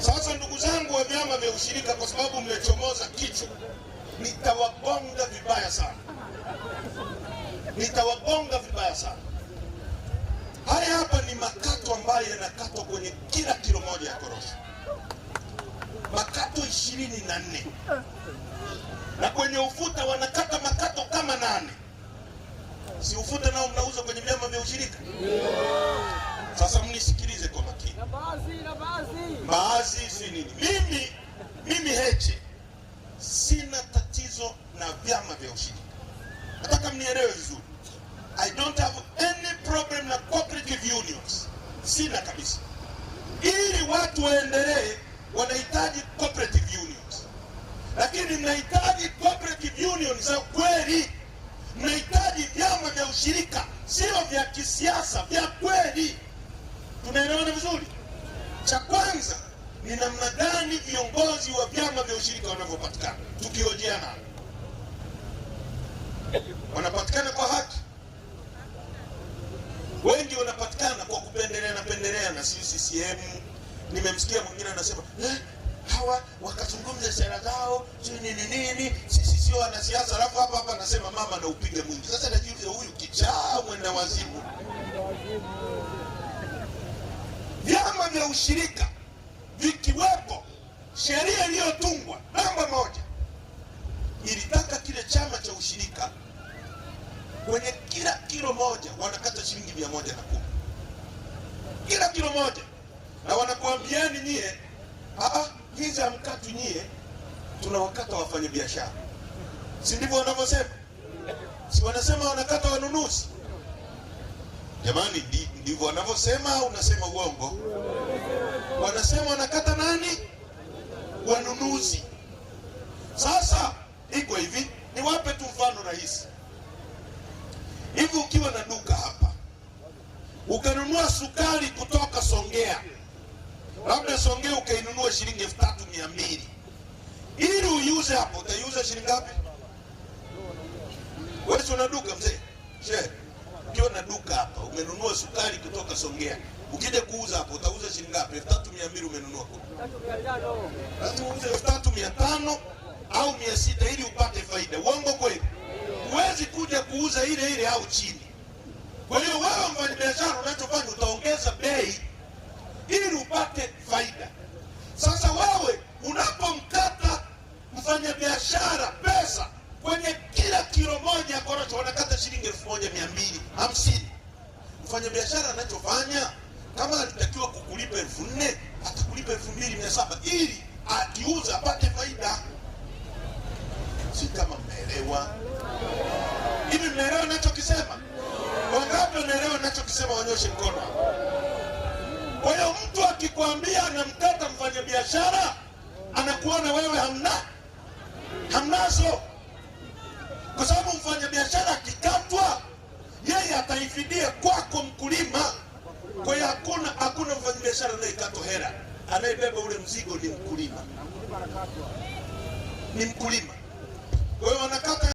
Sasa ndugu zangu wa vyama vya ushirika, kwa sababu mmechomoza kichwa, nitawagonga vibaya sana, nitawagonga vibaya sana. Haya hapa ni makato ambayo yanakatwa kwenye kila kilo moja ya korosho, makato ishirini na nne na kwenye ufuta wanakata makato kama nane. Si ufuta nao mnauza kwenye vyama vya ushirika? Sasa mnisikilize kwa baadhi baadhi na baadhi si nini. Mimi mimi Heche sina tatizo na vyama vya ushirika, nataka mnielewe vizuri. I don't have any problem na cooperative unions, sina kabisa. Ili watu waendelee wanahitaji cooperative unions, lakini mnahitaji cooperative unions za kweli, mnahitaji vyama vya ushirika, sio vya kisiasa, vya kweli. Tunaelewana vizuri? Cha kwanza ni namna gani viongozi wa vyama vya ushirika wanavyopatikana, na wanapatikana kwa haki. Wengi wanapatikana kwa kupendelea na pendelea si CCM. Nimemsikia mwingine anasema eh, hawa wakazungumza sera zao sio nini nini, sisi sio wanasiasa, alafu hapa hapa anasema mama na upige mwingi. Sasa najiuliza huyu kichaa mwenda wazimu vya ushirika vikiwepo, sheria iliyotungwa namba moja ilitaka kile chama cha ushirika kwenye kila kilo moja wanakata shilingi mia moja na kumi kila kilo moja, na wanakuambiani nyie, ah, hizi hamkatu nyie, tunawakata wafanya biashara, si ndivyo wanavyosema? Si wanasema wanakata wanunuzi? Jamani, ndivyo wanavyosema. Unasema uongo. Wanasema wanakata nani? Wanunuzi. Sasa iko hivi, niwape tu mfano rahisi hivi. Ukiwa na duka hapa ukanunua sukari kutoka Songea, labda Songea ukainunua shilingi elfu tatu mia mbili ili uiuze hapo, utaiuza shilingi ngapi? wesi una duka mzee, she ukiwa na duka umenunua sukari kutoka Songea, ukija kuuza hapo utauza shilingi ngapi? elfu tatu mia mbili umenunua lazima uuze elfu tatu mia tano au mia sita ili upate faida. Uongo kweli? Huwezi kuja kuuza ile ile au chini. Kwa hiyo wewe mfanyabiashara, unachofanya utaongeza bei ili upate faida. Sasa wewe unapomkata mfanyabiashara pesa kwenye kila kilo moja korosho, wanakata shilingi elfu moja mia mbili hamsini mfanya biashara anachofanya, kama alitakiwa kukulipa elfu nne atakulipa elfu mbili mia saba ili akiuza apate faida. Si kama mmeelewa hivi? Mnaelewa nachokisema? Wangapi wanaelewa nachokisema? Wanyoshe mkono. Kwa hiyo mtu akikwambia anamkata mfanya biashara anakuwa na wewe hamna hamnazo, kwa sababu mfanya biashara anayebeba ule mzigo ni mkulima, ni mkulima. Kwa hiyo wanakata